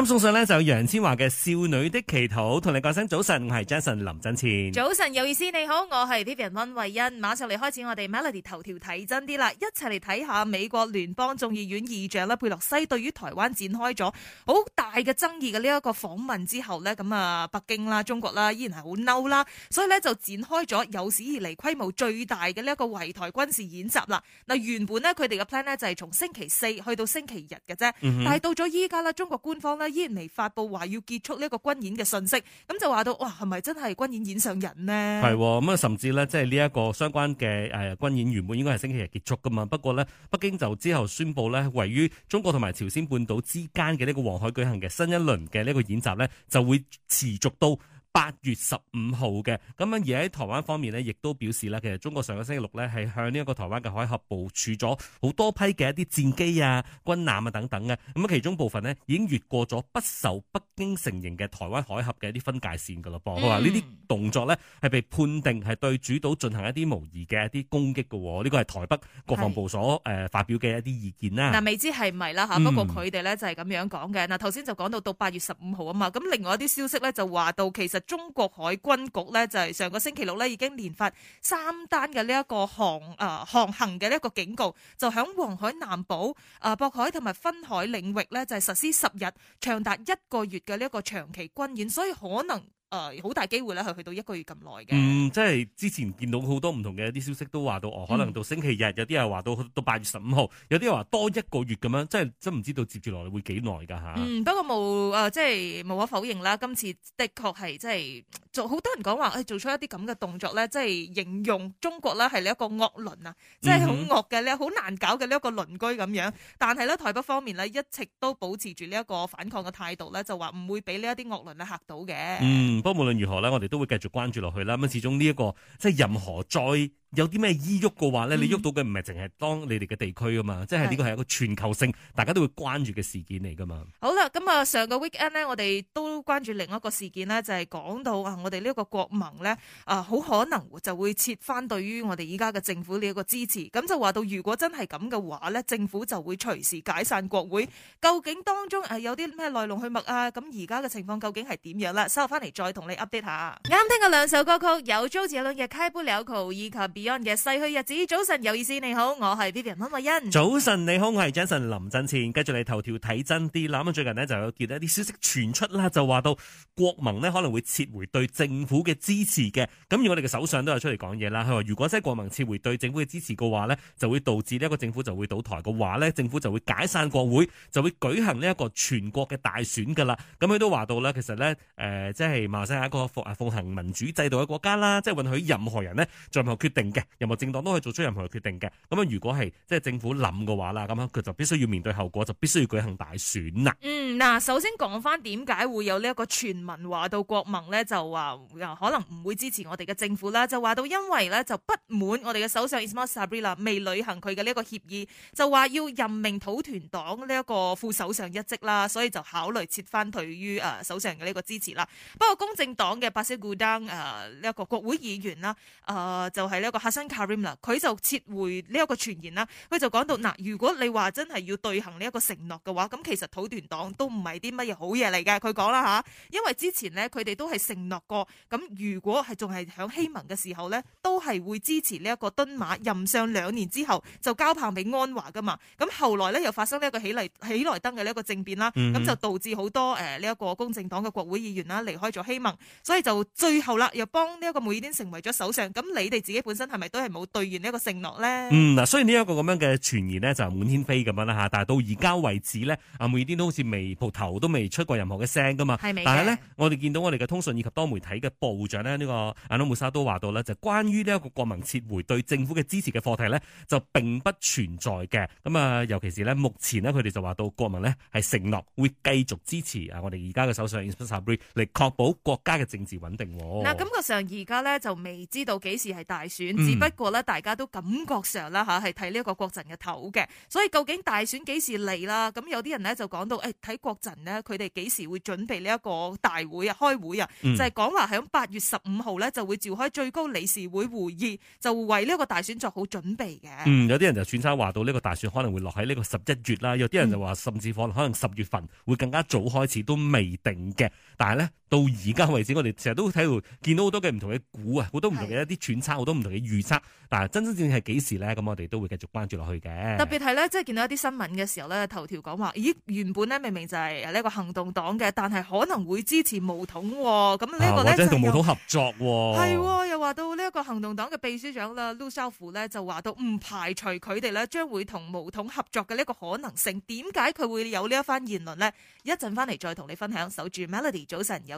啱送上呢，就楊千嬅嘅《少女的祈禱》，同你講聲早晨，我係 Jason 林振前。早晨有意思你好，我係 Vivian 溫慧欣。馬上嚟開始我哋 Melody 頭條睇真啲啦，一齊嚟睇下美國聯邦眾議院議長佩洛西對於台灣展開咗好大嘅爭議嘅呢一個訪問之後呢，咁啊北京啦中國啦依然係好嬲啦，所以呢就展開咗有史以嚟規模最大嘅呢一個圍台軍事演習啦。嗱原本呢，佢哋嘅 plan 呢就係從星期四去到星期日嘅啫，但係到咗依家咧中國官方依然未發布話要結束呢一個軍演嘅信息，咁就話到哇，係咪真係軍演演上癮呢？係咁啊，甚至咧，即係呢一個相關嘅誒軍演原本應該係星期日結束噶嘛，不過呢，北京就之後宣布咧，位於中國同埋朝鮮半島之間嘅呢個黃海舉行嘅新一輪嘅呢個演習呢，就會持續到八月十五號，嘅咁樣，而喺台灣方面咧，亦都表示咧，其實中國上個星期六咧，係向呢一個台灣嘅海峽部署咗好多批嘅一啲戰機啊、軍艦啊等等嘅，咁啊其中部分咧已經越過咗不受不經成形嘅台灣海峽嘅一啲分界線㗎咯，佢話呢啲動作呢係被判定係對主島進行一啲模擬嘅一啲攻擊㗎喎，呢個係台北國防部所誒發表嘅一啲意見啦。嗱是、啊，未知係咪啦嚇？嗯、不過佢哋呢就係咁樣講嘅。嗱、啊，頭先就講到到八月十五號啊嘛，咁另外一啲消息呢就話到，其實中國海軍局呢就係上個星期六呢已經連發三單嘅呢一個航誒、啊、航行嘅呢一個警告，就喺黃海南部誒渤海同埋分海領域呢就係實施十日長達一個月。嘅呢一個長期軍演，所以可能。誒，好、呃、大機會咧，係去到一個月咁耐嘅。嗯，即係之前見到好多唔同嘅一啲消息都話到，哦，可能到星期日，嗯、有啲人話到到八月十五號，有啲人話多一個月咁樣，即係真唔知道接住落嚟會幾耐噶吓。啊、嗯，不過冇誒，即係無可否認啦，今次的確係即係做好多人講話、哎，做出一啲咁嘅動作咧，即係形容中國咧係呢一個惡鄰啊，即係好惡嘅咧，好難搞嘅呢一個鄰居咁樣。但係咧，台北方面咧一直都保持住呢一個反抗嘅態度咧，就話唔會俾呢一啲惡鄰咧嚇到嘅。嗯。不過無論如何咧，我哋都會繼續關注落去啦。咁始終呢一個即係任何災。有啲咩依喐嘅話咧，你喐到嘅唔係淨係當你哋嘅地區啊嘛，嗯、即係呢個係一個全球性，大家都會關注嘅事件嚟噶嘛。好啦，咁啊上個 weekend 呢，我哋都關注另一個事件呢，就係、是、講到啊，我哋呢個國盟呢，啊，好可能就會撤翻對於我哋而家嘅政府呢一個支持。咁就話到如果真係咁嘅話呢，政府就會隨時解散國會。究竟當中有啲咩來龍去脈啊？咁而家嘅情況究竟係點樣啦？稍後翻嚟再同你 update 下。啱聽嘅兩首歌曲有周杰倫嘅《開不了口》以及嘅逝去日子。早晨有意思，你好，我係 B B 溫慧欣。早晨你好，我係 Jason 林振前。繼續嚟頭條睇真啲啦，咁最近呢就有見到一啲消息傳出啦，就話到國盟呢可能會撤回對政府嘅支持嘅。咁而我哋嘅首相都有出嚟講嘢啦，佢話如果即係國盟撤回對政府嘅支持嘅話呢，就會導致呢一個政府就會倒台嘅話呢，政府就會解散國會，就會舉行呢一個全國嘅大選噶啦。咁佢都話到啦，其實呢，誒、呃，即係馬來西亞一個奉奉行民主制度嘅國家啦，即係允許任何人呢，最後決定。嘅任何政黨都可以做出任何嘅決定嘅。咁啊，如果係即係政府諗嘅話啦，咁啊，佢就必須要面對後果，就必須要舉行大選啦。嗯，嗱，首先講翻點解會有呢一個傳聞，話到國盟咧就話可能唔會支持我哋嘅政府啦，就話到因為咧就不滿我哋嘅首相 Ismail Sabri 未履行佢嘅呢一個協議，就話要任命土團黨呢一個副首相一職啦，所以就考慮撤翻對於誒首相嘅呢個支持啦。不過公正黨嘅巴西古當誒呢一個國會議員啦，誒就係呢一個。哈山卡里姆啦，佢就撤回呢一個傳言啦，佢就講到嗱，如果你話真係要對行呢一個承諾嘅話，咁其實土團黨都唔係啲乜嘢好嘢嚟嘅，佢講啦吓，因為之前咧佢哋都係承諾過，咁如果係仲係響希盟嘅時候咧，都係會支持呢一個敦馬任上兩年之後就交棒俾安華噶嘛，咁後來咧又發生呢一個起嚟喜來登嘅呢一個政變啦，咁、嗯、哼就導致好多誒呢一個公正黨嘅國會議員啦離開咗希盟，所以就最後啦又幫呢一個慕尤丁成為咗首相，咁你哋自己本身。係咪都係冇兌現呢一個承諾咧？嗯，嗱，雖然呢一個咁樣嘅傳言咧就滿天飛咁樣啦吓，但係到而家為止咧，阿穆爾丁都好似未蒲頭都未出過任何嘅聲噶嘛。係未？但係咧，我哋見到我哋嘅通訊以及多媒體嘅部長咧，呢個阿努穆沙都話到咧，就關於呢一個國民撤回對政府嘅支持嘅課題咧，就並不存在嘅。咁啊，尤其是咧，目前呢，佢哋就話到國民呢係承諾會繼續支持啊，我哋而家嘅首相伊斯拉布里，嚟確保國家嘅政治穩定。嗱，感覺上而家咧就未知道幾時係大選。只不過咧，大家都感覺上啦嚇，係睇呢一個國陣嘅頭嘅，所以究竟大選幾時嚟啦？咁有啲人呢就講到，誒、欸、睇國陣咧，佢哋幾時會準備呢一個大會啊、開會啊，就係講話喺八月十五號呢，就會召開最高理事會會議，就為呢一個大選作好準備嘅。嗯，有啲人就選差話到呢個大選可能會落喺呢個十一月啦，有啲人就話甚至可能十月份會更加早開始都未定嘅，但係呢。到而家為止，我哋成日都睇到，見到好多嘅唔同嘅股啊，好多唔同嘅一啲揣測，好多唔同嘅預測。嗱是，真真正正係幾時咧？咁我哋都會繼續關注落去嘅。特別係咧，即係見到一啲新聞嘅時候咧，頭條講話，咦，原本咧明明就係呢一個行動黨嘅，但係可能會支持巫統喎。咁呢一個咧即係同巫統合作喎、啊。係、哦，又話到呢一個行動黨嘅秘書長啦，Loke Siew Fook 呢就話到唔排除佢哋咧將會同巫統合作嘅呢個可能性。點解佢會有呢一番言論呢？一陣翻嚟再同你分享。守住 Melody，早晨有。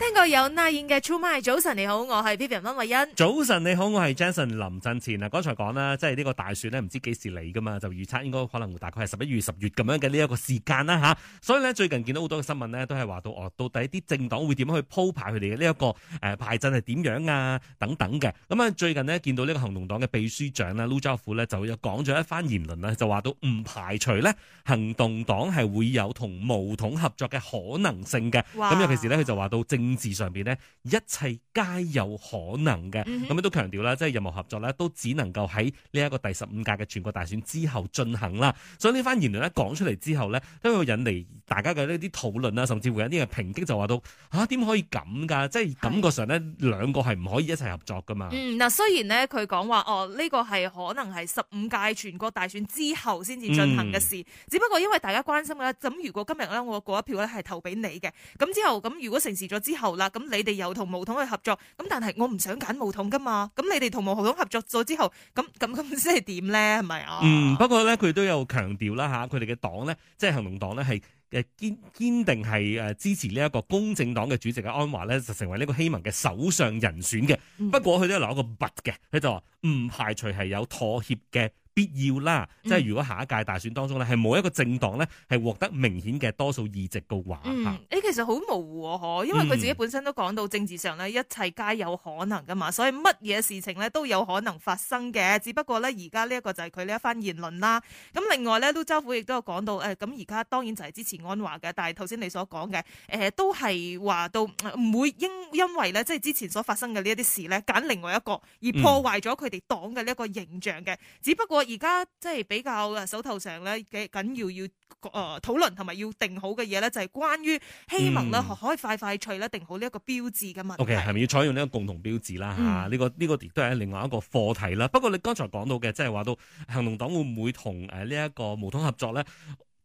聽過有拉演嘅 True My 早晨你好，我係 P P M 溫慧欣。早晨你好，我係 Jason 林振前啊！剛才講啦，即係呢個大選呢，唔知幾時嚟噶嘛，就預測應該可能大概係十一月、十月咁樣嘅呢一個時間啦吓。所以呢，最近見到好多嘅新聞呢，都係話到哦，到底啲政黨會點樣去鋪排佢哋嘅呢一個誒、呃、排陣係點樣啊等等嘅。咁、嗯、啊，最近呢，見到呢個行動黨嘅秘書長啦陸兆福就又講咗一番言論呢，就話到唔排除呢行動黨係會有同巫統合作嘅可能性嘅。咁哇、嗯、尤其是呢，佢就話到政政治上邊呢，一切皆有可能嘅，咁樣都強調啦，即係任何合作咧，都只能夠喺呢一個第十五屆嘅全國大選之後進行啦。所以呢番言論咧講出嚟之後呢，都引嚟大家嘅呢啲討論啦，甚至乎有啲嘅抨擊，就話到吓點可以咁噶？即係是感覺上呢，兩個係唔可以一齊合作噶嘛。嗱、嗯，雖然呢，佢講話哦，呢個係可能係十五屆全國大選之後先至進行嘅事，嗯、只不過因為大家關心嘅啦，咁如果今日呢，我嗰一票咧係投俾你嘅，咁之後咁如果成事咗之後，之後啦，咁你哋又同毛統去合作，咁但係我唔想揀毛統噶嘛，咁你哋同毛統合作咗之後，咁咁咁先係點咧？係咪啊？嗯，不過咧佢都有強調啦吓，佢哋嘅黨咧，即係行動黨咧，係誒堅堅定係誒支持呢一個公正黨嘅主席嘅安華咧，就成為呢個希盟嘅首相人選嘅。不過佢都有留一個 but 嘅，佢就話唔排除係有妥協嘅。必要啦，即係如果下一屆大選當中咧，係冇、嗯、一個政黨咧係獲得明顯嘅多數議席嘅話，誒、嗯，其實好模糊嗬、啊，因為佢自己本身都講到政治上咧，一切皆有可能噶嘛，所以乜嘢事情咧都有可能發生嘅，只不過咧而家呢一個就係佢呢一番言論啦。咁另外咧，都州府亦都有講到，誒、呃，咁而家當然就係支持安華嘅，但係頭先你所講嘅，誒、呃，都係話到唔會因因為咧，即係之前所發生嘅呢一啲事咧，揀另外一個而破壞咗佢哋黨嘅呢一個形象嘅，嗯、只不過。而家即係比較手頭上咧緊要要，誒、討論同埋要定好嘅嘢咧，就係關於希望咧可以快快脆咧定好呢一個標誌㗎嘛。O K 係咪要採用呢個共同標誌啦？嚇、嗯，呢、啊，這個呢、這個亦都係另外一個課題啦。不過你剛才講到嘅即係話到行動黨會唔會同誒、呢一個巫統合作咧？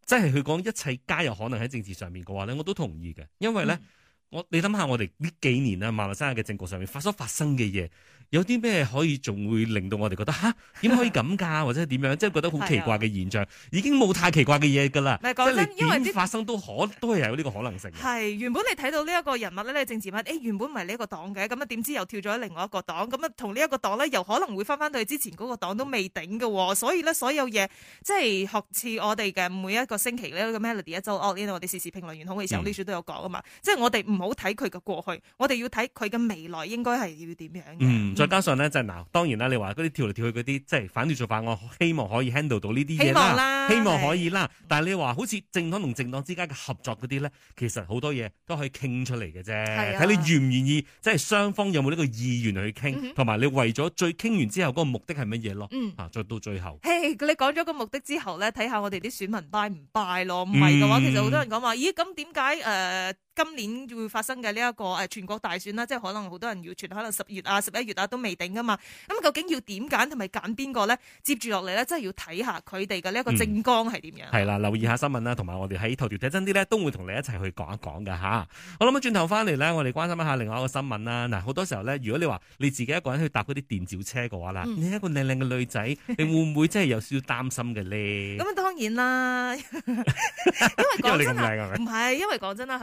即係佢講一切皆有可能喺政治上面嘅話咧，我都同意嘅，因為咧。嗯我你諗下，我哋呢幾年啊，馬來西亞嘅政局上面所發生嘅嘢，有啲咩可以仲會令到我哋覺得吓點可以咁噶、啊， 或者點樣，即係覺得好奇怪嘅現象， 已經冇太奇怪嘅嘢噶啦。真即係點發生都可，都係有呢個可能性。係原本你睇到呢一個人物咧，你政治物，欸、原本唔係呢一個黨嘅，咁啊點知又跳咗喺另外一個黨，咁啊同呢一個黨咧又可能會翻翻到去之前嗰個黨都未頂嘅，所以咧所有嘢即係學似我哋嘅每一個星期呢，這個 melody 一週我哋時時評論員好嘅時候 editor、嗯、都有講啊嘛，即係我哋唔。唔好睇佢嘅過去，我哋要睇佢嘅未來應該係要點樣嗯，再加上咧、嗯，就係嗱，當然啦，你話嗰啲跳嚟跳去嗰啲，即係反對做法，我希望可以 handle 到呢啲嘢啦，希望可以啦。是但係你話好似政黨同政黨之間嘅合作嗰啲咧，其實好多嘢都可以傾出嚟嘅啫。睇、啊、你願唔願意，即係雙方有冇呢個意願去傾，同埋、嗯、哼你為咗最傾完之後嗰個目的係乜嘢咯？嗯、啊，再到最後，嘿，hey, 你講咗個目的之後咧，睇下我哋啲選民拜唔拜囉。咯？唔係嘅話，嗯、其實好多人講話，咦，咁點解誒？呃今年會發生嘅呢一個、呃、全國大選啦，即係可能好多人要選，可能十月啊、十一月啊都未定噶嘛。咁究竟要點揀同埋揀邊個咧？接住落嚟咧，真係要睇下佢哋嘅呢一個政綱係點樣。係啦、嗯，留意下新聞啦，同埋我哋喺頭條睇真啲咧，都會同你一齊去講一講嘅吓，我諗啊，轉頭翻嚟咧，我哋關心一下另外一個新聞啦。嗱，好多時候咧，如果你話你自己一個人去搭嗰啲電召車嘅話啦，嗯、你一個靚靚嘅女仔，你會唔會真係有少少擔心嘅咧？咁當、嗯 嗯、當然啦，因為講真唔係 因為因為講真啦，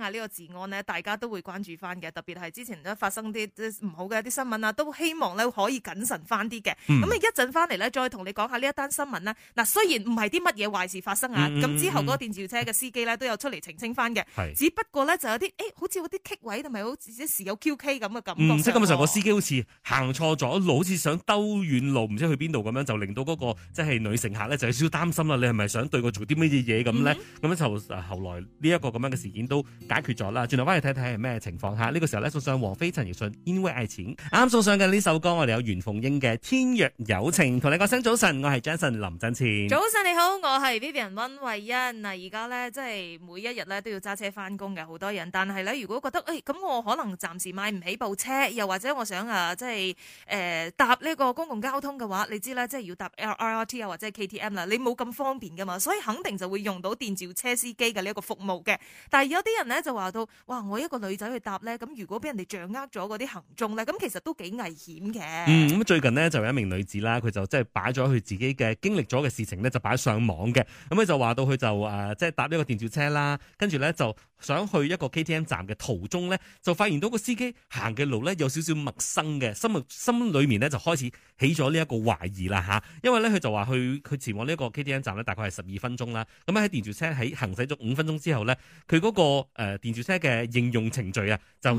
下呢個治安呢，大家都會關注翻嘅，特別係之前咧發生啲唔好嘅一啲新聞啊，都希望咧可以謹慎翻啲嘅。咁、嗯、你一陣翻嚟咧，再同你講下呢一單新聞啦。嗱，雖然唔係啲乜嘢壞事發生啊，咁、嗯嗯嗯、之後嗰個電召車嘅司機咧都有出嚟澄清翻嘅。嗯嗯嗯，只不過咧就有啲誒、欸，好似嗰啲棘位同埋好似一時有 QK 咁嘅感覺。唔識咁上時個司機好似行錯咗路，好似想兜遠路，唔知去邊度咁樣，就令到嗰個即係女乘客咧就有少少擔心啦。你係咪想對佢做啲乜嘢嘢咁咧？咁咧、嗯、就後來呢一個咁樣嘅事件都。解決咗啦，轉頭翻去睇睇係咩情況嚇？呢、這個時候咧送上王菲、陳奕迅《因為愛情》，啱送上嘅呢首歌，我哋有袁鳳瑛嘅《天若有情》。同你講聲早晨，我係 Jason 林振千。早晨你好，我係 Vivian 溫慧欣。嗱而家咧即係每一日咧都要揸車翻工嘅好多人，但係咧如果覺得誒咁，欸、我可能暫時買唔起部車，又或者我想啊即係誒搭呢個公共交通嘅話，你知啦，即係要搭 LRT 啊或者 KTM 啦，你冇咁方便噶嘛，所以肯定就會用到電召車司機嘅呢一個服務嘅。但係有啲人。就話到，哇！我一個女仔去搭呢。咁如果俾人哋掌握咗嗰啲行蹤呢，咁其實都幾危險嘅。嗯，咁最近呢，就有一名女子啦，佢就即係擺咗佢自己嘅經歷咗嘅事情呢、呃，就擺上網嘅。咁佢就話到佢就誒，即係搭呢個電召車啦,跟住呢，就想去一個 K T M 站嘅途中呢，就發現到個司機行嘅路呢，有少少陌生嘅，心心裏面呢，就開始起咗呢一個懷疑啦吓。因為呢，佢就話佢佢前往呢個 K T M 站呢，大概係十二分鐘啦。咁喺電召車喺行駛咗五分鐘之後呢，佢嗰、嗰個。誒、呃、電召車嘅應用程序啊，就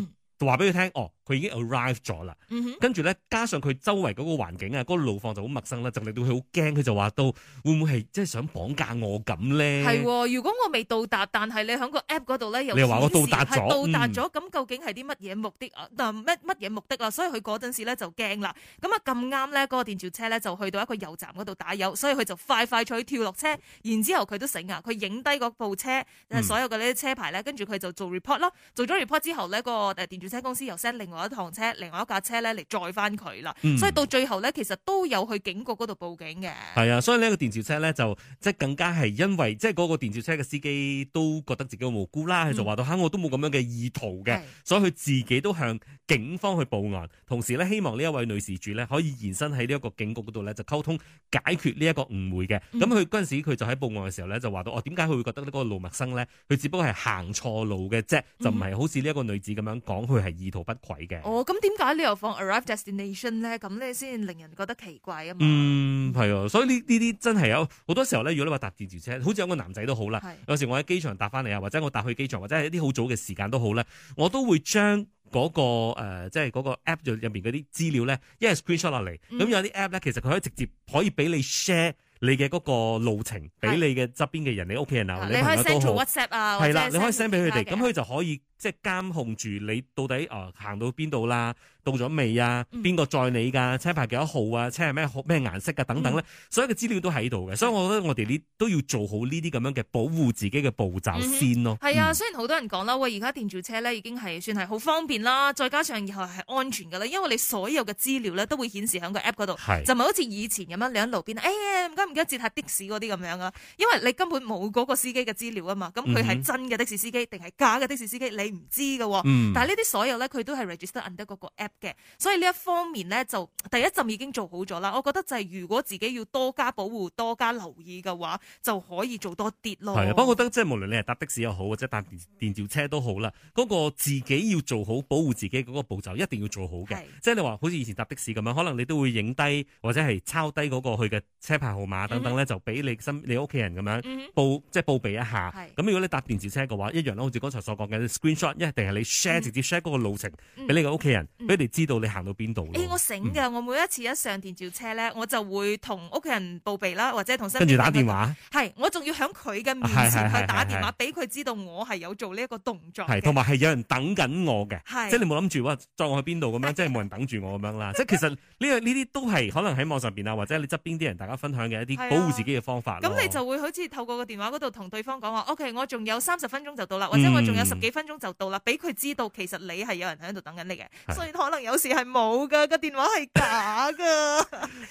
話俾佢聽哦。佢已經 arrive 咗啦，跟住咧加上佢周圍嗰個環境啊，嗰、嗰個路況就好陌生啦，就令到佢好驚。佢就話到會唔會係即係想綁架我咁咧？係、哦，如果我未到達，但係你喺個 app 嗰度咧，又顯示我到達咗，到達咗，咁、嗯、究竟係啲乜嘢目的啊？嗱、呃，乜嘢目的啊？所以佢嗰陣時咧就驚啦。咁啊咁啱咧，嗰、嗰個電召車咧就去到一個油站嗰度打油，所以佢就快快脆跳落車。然之後佢都醒啊，佢影低嗰部車，嗯、所有嘅呢啲車牌咧，跟住佢就做 report 咯。做咗 report 之後呢，嗰個誒電召車公司又 send 另外一趟車，另外一架車咧嚟載翻佢啦，所以到最後咧，其實都有去警局嗰度報警嘅。係、嗯、啊，所以呢一個電召車咧，就即係更加係因為，即係嗰個電召車嘅司機都覺得自己好無辜啦，佢、嗯、就話到吓，我都冇咁樣嘅意圖嘅，嗯、所以佢自己都向警方去報案，同時咧希望呢一位女事主咧可以延伸喺呢一個警局嗰度咧就溝通解決呢一個誤會嘅。咁佢嗰陣時佢就喺報案嘅時候咧，就話到，我點解佢會覺得那個盧呢個路陌生咧？佢只不過係行錯路嘅啫，嗯、就唔係好似呢一個女子咁樣講，佢係意圖不軌。哦，咁點解你又放 arrive destination 咧？咁咧先令人覺得奇怪啊嘛。嗯，係啊，所以呢呢啲真係有好多時候咧，如果你話搭電召車，好似有個男仔都好啦。是有時我喺機場搭翻嚟啊，或者我搭去機場，或者係一啲好早嘅時間都好咧，我都會將嗰、誒即係嗰 app 入邊嗰啲資料咧，一係 screen shot 落嚟。咁、嗯、有啲 app 咧，其實佢可以直接可以俾你 share 你嘅嗰個路程俾是你嘅側邊嘅人，你屋、OK、企、啊、人啊，你朋友都好，你可以 send 到 WhatsApp 啊，係啦，你可以 send 俾佢哋，咁佢就可以。即係監控住你到底啊、呃、行到邊度啦，到咗未啊？邊個、嗯、載你㗎？車牌幾多號啊？車係咩咩顏色㗎？等等咧，嗯、所有嘅資料都喺度嘅，對 所以我覺得我哋呢都要做好呢啲咁樣嘅保護自己嘅步驟先咯、嗯哼。係啊、嗯，雖然好多人講啦，喂而家電召車咧已經係算係好方便啦，再加上以後係安全㗎啦，因為你所有嘅資料咧都會顯示喺個 app 度，是就唔好似以前咁樣你喺路邊誒唔該唔該截下的士嗰啲咁樣啦，因為你根本冇嗰個司機嘅資料啊嘛，咁佢係真嘅的，的士司機定係假嘅的，的士司機你？唔知嘅、哦，嗯、但係呢啲所有咧，佢都係 register under 嗰個 app 嘅，所以呢一方面咧，就第一陣已經做好咗啦。我覺得就係如果自己要多加保護、多加留意嘅話，就可以做多啲咯。包啊，不過我覺得即係無論你係搭的士又好，或者搭電電召車都好啦，嗰、那個自己要做好保護自己嗰個步驟，一定要做好嘅。是的即係你話好似以前搭的士咁樣，可能你都會影低或者係抄低嗰個佢嘅車牌號碼等等咧，嗯、就俾你身你屋企人咁樣嗯嗯報即係報備一下。咁的如果你搭電召車嘅話，一樣好似剛才所講嘅 screen。一定係你 share 直接 share 嗰個路程俾你個屋企人，俾佢哋知道你行到邊度。我醒㗎，我每一次一上電召車咧，我就會同屋企人報備啦，或者同身跟住打電話。係，我仲要喺佢嘅面前去打電話，俾佢知道我係有做呢一個動作。係，同埋係有人等緊我嘅。係，即係你冇諗住哇，撞我去邊度咁樣，即係冇人等住我咁樣啦。即其實呢個呢啲都係可能喺網上面啊，或者你側邊啲人大家分享嘅一啲保護自己嘅方法。咁你就會好似透過個電話嗰度同對方講話，OK，我仲有三十分鐘就到啦，或者我仲有十幾分鐘就。到啦，俾佢知道其實你係有人喺度等緊你嘅，是的 所以可能有時係冇嘅，個電話係假嘅，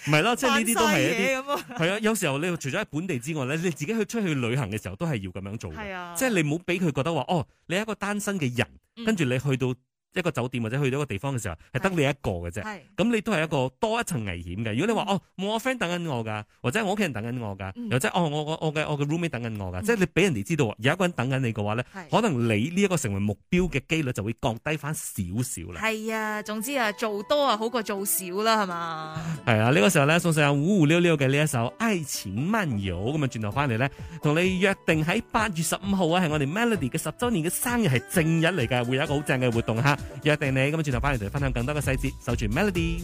唔係啦，即係呢啲都係一啲，係啊，有時候你除咗喺本地之外咧，你自己去出去旅行嘅時候都係要咁樣做嘅，即係是的 你唔好俾佢覺得話，哦，你係一個單身嘅人，跟住你去到一個酒店或者去到一個地方嘅時候，係得你一個嘅啫。咁，你都係一個多一層危險嘅。如果你話、嗯、哦，冇我 friend 等緊我噶，或者我屋企人等緊我噶，又、嗯、或者、哦、我我我嘅我嘅 roommate 等緊我噶，嗯、即係你俾人哋知道有一個人等緊你嘅話咧，是可能你呢一個成為目標嘅幾率就會降低翻少少啦。係啊，總之啊，做多啊好過做少啦，係嘛？係啊，呢、這個時候咧送上糊糊溜溜嘅呢一首愛情曼舞，咁啊轉頭翻嚟咧，同你約定喺八月十五號啊，係我哋 Melody 嘅十週年嘅生日係正日嚟噶，會有一個好正嘅活動吓。 約定你，咁就轉頭返嚟同你分享更多嘅細節，守住 Melody。